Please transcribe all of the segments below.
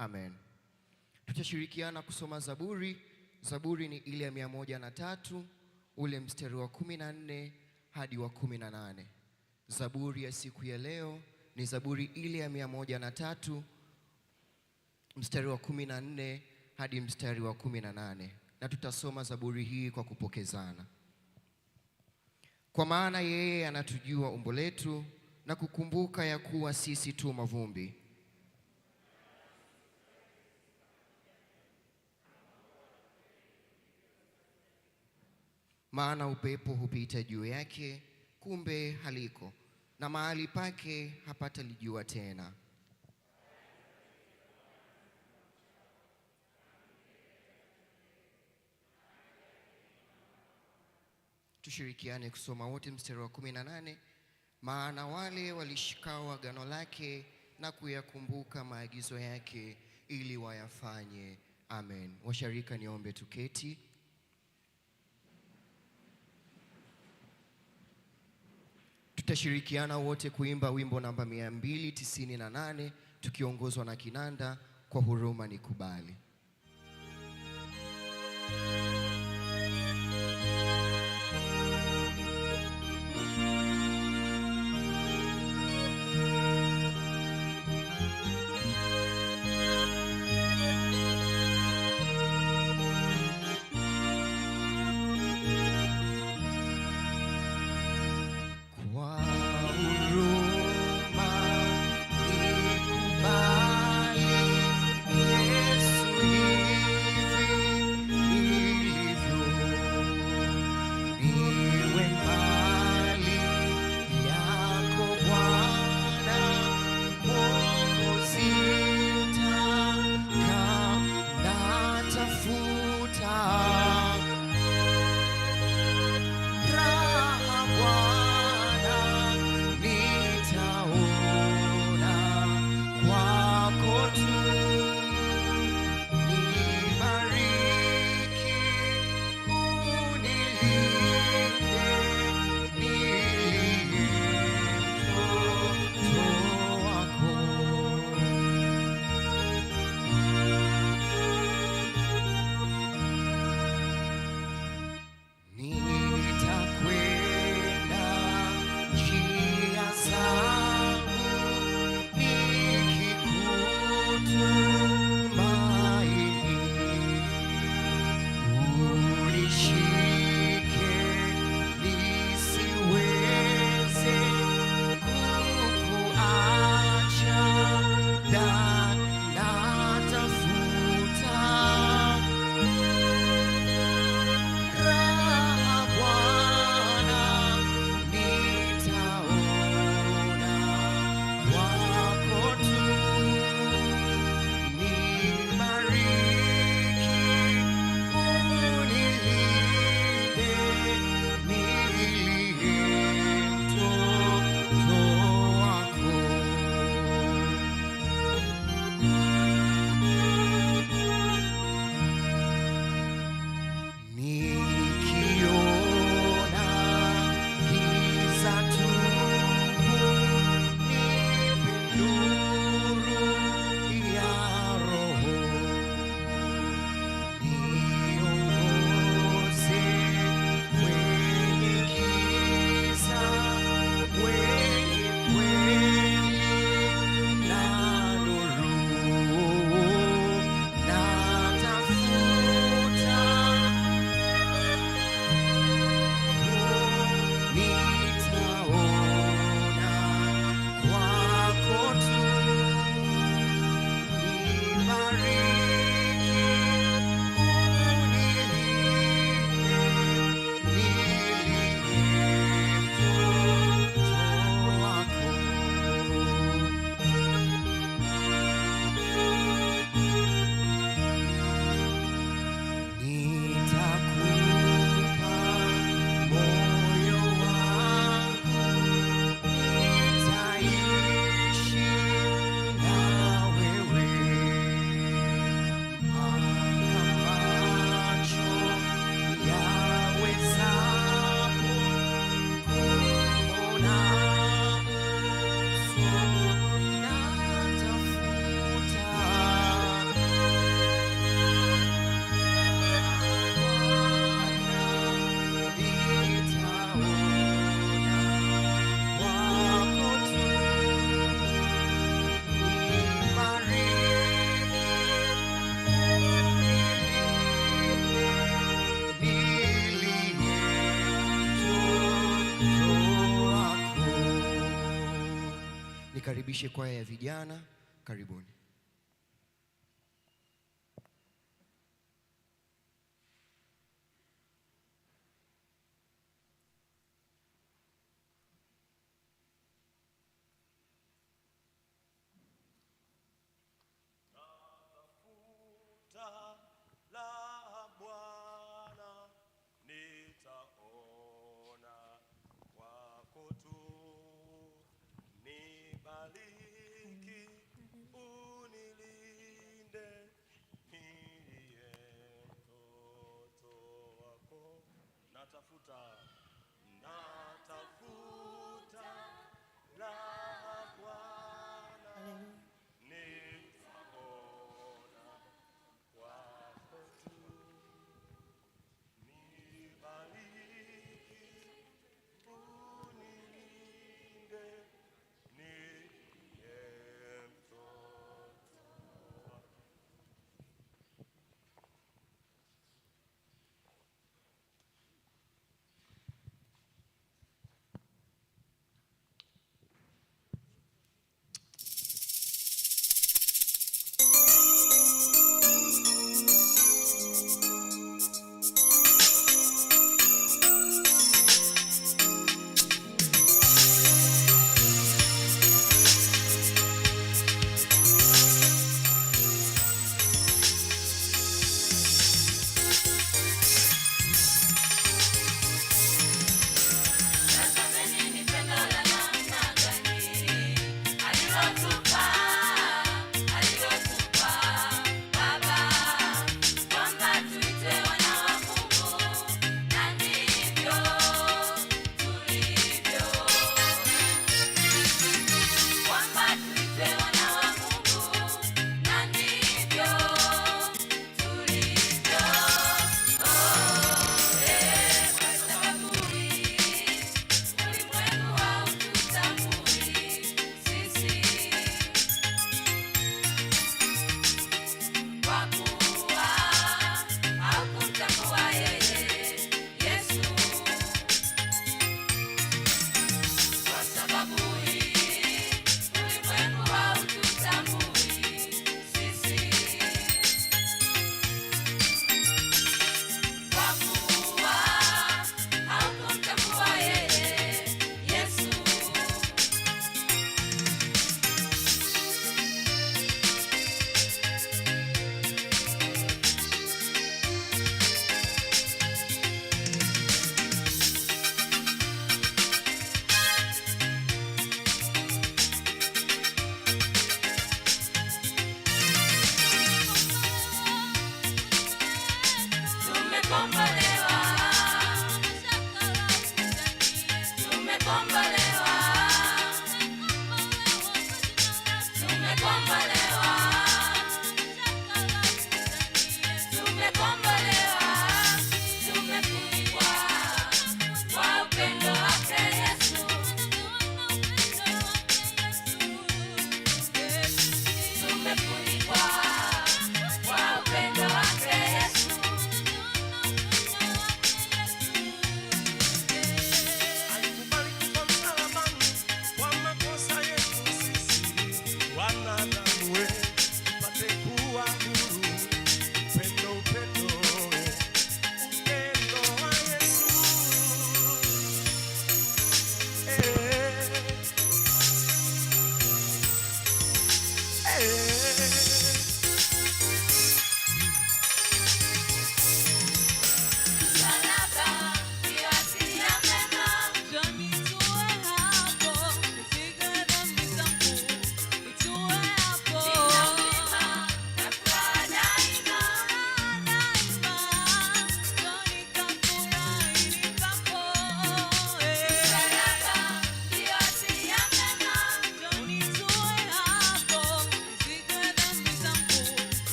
Amen. Tutashirikiana kusoma Zaburi. Zaburi ni ile ya mia moja na tatu ule mstari wa kumi na nne hadi wa kumi na nane. Zaburi ya siku ya leo ni Zaburi ile ya mia moja na tatu mstari wa kumi na nne hadi mstari wa kumi na nane na tutasoma Zaburi hii kwa kupokezana. Kwa maana yeye anatujua umbo letu na kukumbuka ya kuwa sisi tu mavumbi. maana upepo hupita juu yake, kumbe haliko, na mahali pake hapatalijua tena. Tushirikiane kusoma wote mstari wa kumi na nane. Maana wale walishikao agano lake na kuyakumbuka maagizo yake ili wayafanye. Amen. Washarika, niombe tuketi. Tutashirikiana wote kuimba wimbo namba 298 tukiongozwa na kinanda, kwa huruma nikubali. nikaribishe kwaya ya vijana, karibuni. natafuta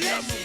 Yes,